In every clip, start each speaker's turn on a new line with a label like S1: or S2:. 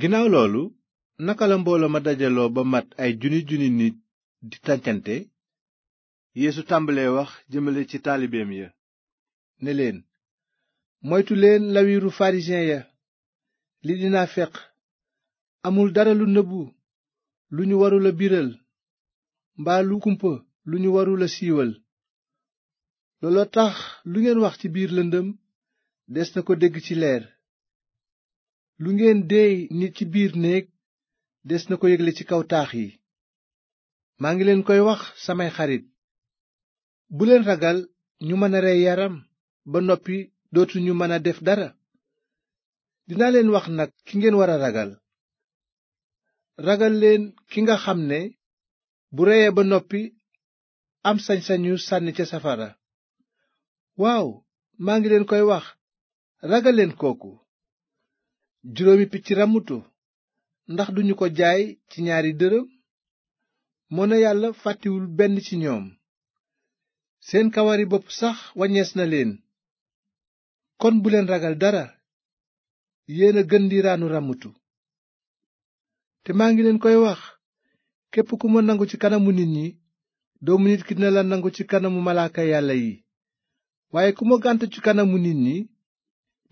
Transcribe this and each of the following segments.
S1: ginnaaw loolu naka la mbooloo ma dajaloo ba mat ay junni junni nit di tàncante yéesu tàmbalee wax jëmale ci taalibeem ya ne leen moytu leen lawiru farisiyen ya li dinaa feq amul dara lu nëbbu lu ñu warul biral mbaa lu kumpa lu ñu warul a siiwal looloo tax lu ngeen wax ci biir lëndëm des na ko dégg ci leer lu ngeen déey nit ci biir néeg des na ko yégle ci kaw taax yi maa ngi leen koy wax samay xarit bu leen ragal ñu mën a rey yaram ba noppi dootuñu mën a def dara dinaa leen wax nag ki ngeen war a ragal ragal leen ki nga xam ne bu reyee ba noppi am sañ-sañu sànni ca safara waaw maa ngi leen koy wax ragal leen kooku juróomi picc rammutu ndax duñu ko jaay ci ñaari dërëm moona yàlla fàttewul benn ci ñoom seen kawari bopp sax wañees na leen kon buleen ragal dara yéen a gën di raanu ràmmutu te maa ngi leen koy wax képp ku ma nangu ci kanamu nit ñi doomu nit ki dina la nangu ci kanamu malaaka yàlla yi waaye ku ma gàntu ci kanamu nit ñi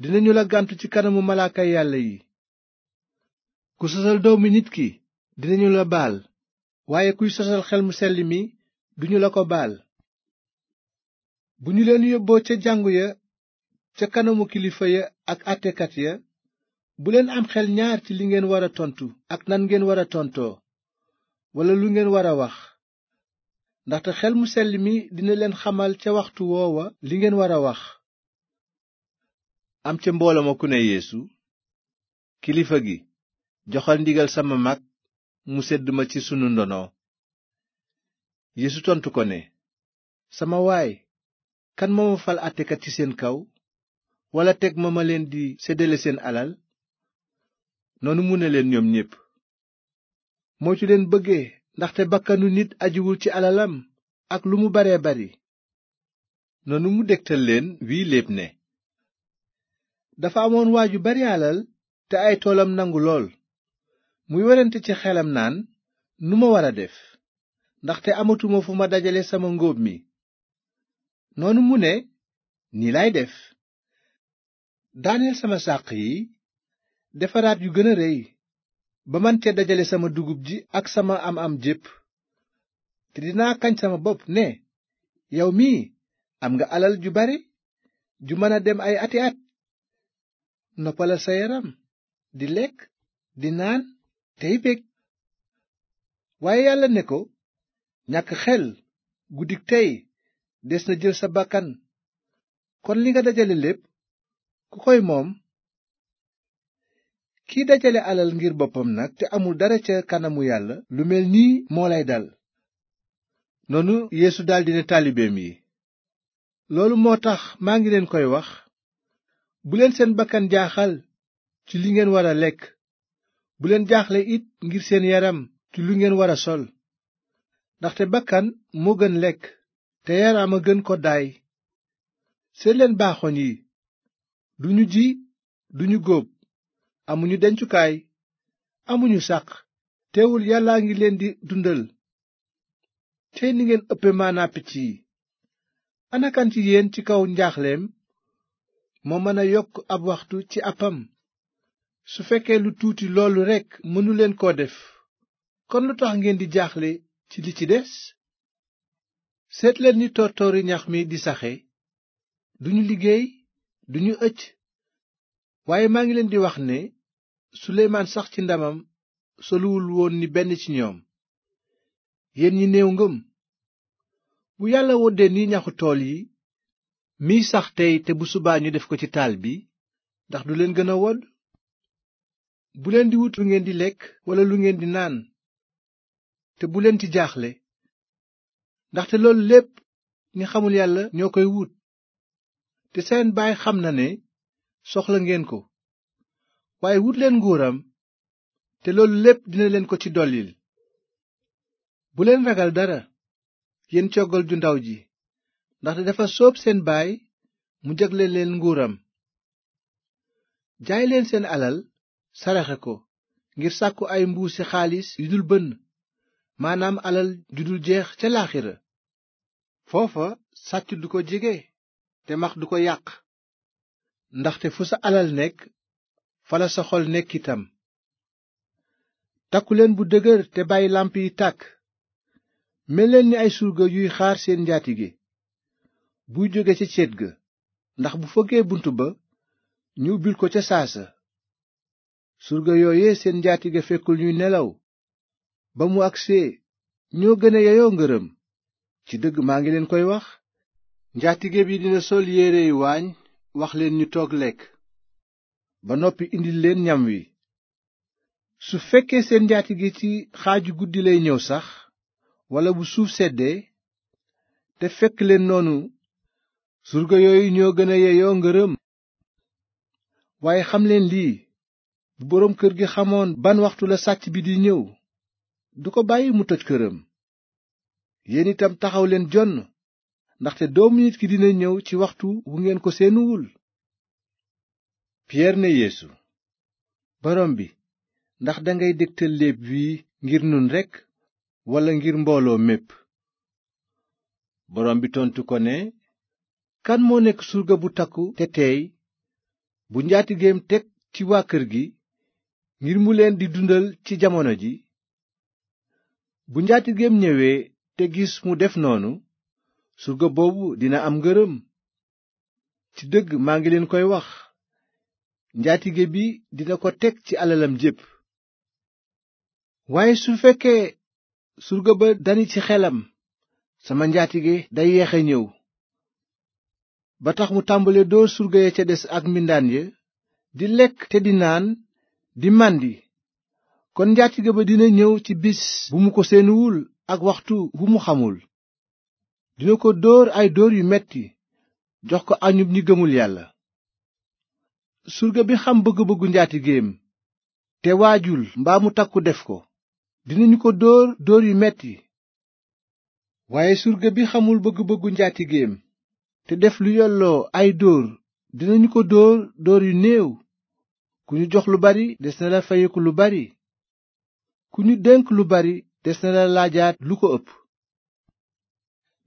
S1: dinañu la gàntu ci kanamu malaaka yàlla yi ku sosal doomi nit ki dinañu la baal waaye kuy sosal xel mu selli mi ñu la ko baal bu ñu leen yóbboo ca jàngu ya ca kanamu kilifa ya ak àttekat ya bu leen am xel ñaar ci li ngeen war a tontu ak nan ngeen war a tontoo walla lu ngeen war a wax ndaxte xel mu selli mi dina leen xamal ca waxtu woowa li ngeen war a wax am ca mbooloo ma ku ne yeesu kilifa gi joxal ndigal sama mag mu sedd ma ci sunu ndono yeesu tontu ko ne sama waay kan moo fal àttekat ci seen kaw walla teg ma ma leen di seddale seen alal noonu mu ne leen ñoom ñépp moytu leen bëggee ndaxte bakkanu nit ajiwul ci alalam ak lu mu baree bari noonu mu dégtal leen wii léeb ne dafa amoon waa ju bari alal te ay toolam nangu lool muy werante ci xelam naan nu ma war a def ndaxte amatuma fu ma dajale sama ngóob mi noonu mu ne nii laay def daaneel sama sàq yi defaraat yu gën a rëy ba man cee dajale sama dugub ji ak sama am am jépp te dinaa kañ sama bopp ne yow mii am nga alal ju bari ju mën a dem ay ati at noppalal sa yaram di lekk di naan tey bég waaye yàlla ne ko ñàkk xel guddik tey des na jël sa bakkan kon li nga dajale lépp ku koy moom kiy dajale alal ngir boppam nag te amul dara ca kanamu yàlla lu mel nii moo lay dal noonu yeesu daldi ne taalibeem yi loolu moo tax maa ngi leen koy wax buleen seen bakkan jaaxal ci li ngeen war a lekk buleen jaaxle it ngir seen yaram ci lu ngeen war a sol ndaxte bakkan moo gën lekk te yaram a gën ko daay seet leen baaxoñ yi duñu ji duñu góob amuñu dencukaay amuñu sàq teewul yàllaa ngi leen di dundal tey ni ngeen ëpp maanaa picc yi anakan ci yéen ci kaw njaaxleem moo mën a yokk ab waxtu ci appam su fekkee lu tuuti loolu rekk mënuleen koo def kon lu tax ngeen di jaaxle ci li ci des seetleen ni toortoori ñax mi di saxe duñu liggéey duñu ëcc waaye maa ngi leen di wax ne suleymaan sax ci ndamam soluwul woon ni benn ci ñoom yéen ñi néew ngëm bu yàlla woddee ni ñaxu tool yi miy sax tey te bu subaa ñu def ko ci taal bi ndax du leen gën a wodd bu leen di wut lu ngeen di lekk walla lu ngeen di naan te bu leen ci jaaxle ndaxte loolu lépp ñi xamul yàlla ñoo koy wut te seen baay xam na ne soxla ngeen ko waaye wut leen nguuram te loolu lépp dina leen ko ci dollil bu leen ragal dara yéen coggal ju ndaw ji ndaxte dafa soob seen baay mu jagleel leen nguuram jaay leen seen alal saraxe ko ngir sàkku ay mbuusi xaalis yu dul bënn maanaam alal ju dul jeex ca laaxira foofa sàcc du ko jege te max du ko yàq ndaxte fu sa alal nekk fala sa xol nekk itam takkuleen bu dëgër te bàyyi làmp yi tàkk mel leen ni ay surga yuy xaar seen gi buy jóge ca cet ga ndax bu fëggee bunt ba ñu ubbil ko ca saasa surga yooye seen njaatige fekkul ñuy nelaw ba mu agsee ñoo gën a yeyoo ngërëm ci dëgg maa ngi leen koy wax njaatige bi dina sol yére yu waañ wax leen ñu toog lekk ba noppi indi leen ñam wi su fekkee seen njaatige ci xaaju guddi lay ñëw sax walla bu suuf seddee te fekk leen noonu surga yooyu ñoo gën a yeyoo ngërëm waaye xam leen lii bu boroom kër gi xamoon ban waxtu la sàcc bi di ñëw du ko bàyyi mu toj këram yéen itam taxaw leen jonn ndaxte doomu nit ki dina ñëw ci waxtu wu ngeen ko seenuwul piyeer ne yéesu borom bi ndax dangay dégtal léeb wi ngir nun rekk walla ngir mbooloo mépp borom bi tontu ko ne kan moo nekk surga bu takku te teey bu njaatigeem teg ci waa kër gi ngir mu leen di dundal ci jamono ji bu njaatigeem ñëwee te gis mu def noonu surga boobu dina am ngërëm ci dëgg maa ngi leen koy wax njaatige bi dina ko teg ci alalam jépp waaye su fekkee surga ba dani ci xelam sama njaatige day yeexa ñëw ba tax mu tàmbalee dóor surga ya ca des ak mbindaan ya di lekk te di naan di màndi kon njaatige ba dina ñëw ci bis bu mu ko seenuwul ak waxtu wu mu xamul dina ko dóor ay dóor yu metti jox ko añub ñi gëmul yàlla surga bi xam bëgg-bëggu njaatigeem te waajul mbaa mu takku def ko dinañu ko dóor dóor yu metti waaye surga bi xamul bëgg-bëggu njaatigeem te def lu yelloo ay dóor dinañu ko dóor dóor yu néew ku ñu jox lu bari des na la fayeku lu bari ku ñu dénk lu bari des na la laajaat lu ko ëpp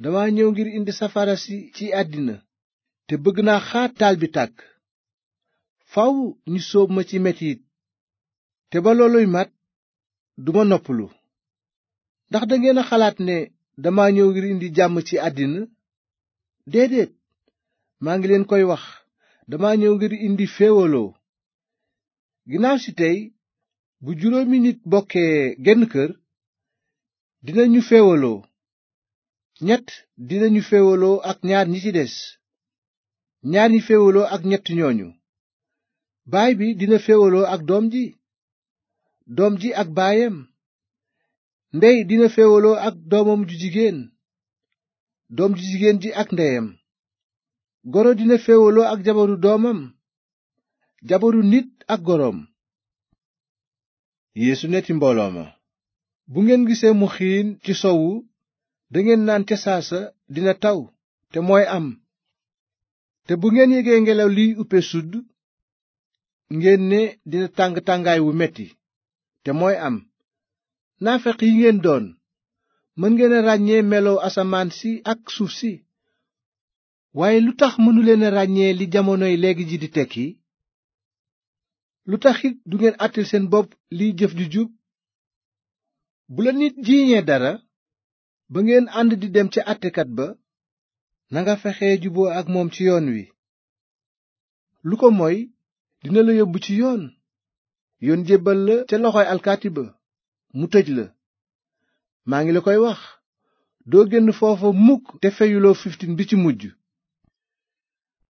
S1: dama ñëw ngir indi safara ci àddina te bëgg naa xaar taal bi tàkk faw ñu sóob ma ci metit te ba looluy mat duma noppalu ndax dangeen a xalaat ne dama ñëw ngir indi jàmm ci àddina déedéet maa ngi leen koy wax dama ñëw ngir indi féewaloo ginnaaw si tey bu juróomi nit bokkee genn kër dinañu féewaloo ñett dinañu féewaloo ak ñaar ñi ci des ñaar ñi féewaloo ak ñett ñooñu baay bi dina féewaloo ak doom ji doom ji ak baayam ndey dina féewaloo ak doomam ju jigéen doom ji jigéen ji ak ndeyam goro dina féewaloo ak jabaru doomam jabaru nit ak goroom yéesu ne ci mbooloo ma bu ngeen gisee mu xiin ci sowu dangeen naan ca saasa dina taw te mooy am te bu ngeen yégee ngelaw liy uppe sudd ngeen ne dina tàng tàngaay wu metti te mooy am naafeq yi ngeen doon mën ngeen a ràññee meloo asamaan si ak suuf si waaye lu tax mënuleen a ràññee li jamonoy léegi ji di tekki lu tax du ngeen àttil seen bopp liy jëf ju jub bu la nit jiiñee dara ba ngeen ànd di dem ca àttekat ba nanga fexe juboo ak moom ci yoon wi lu ko moy dina la yóbbu ci yoon yoon jébbal la ca loxoy alkaati ba mu tëj la maa ngi la koy wax doo génn foofa mukk te feyuloo bi ci mujj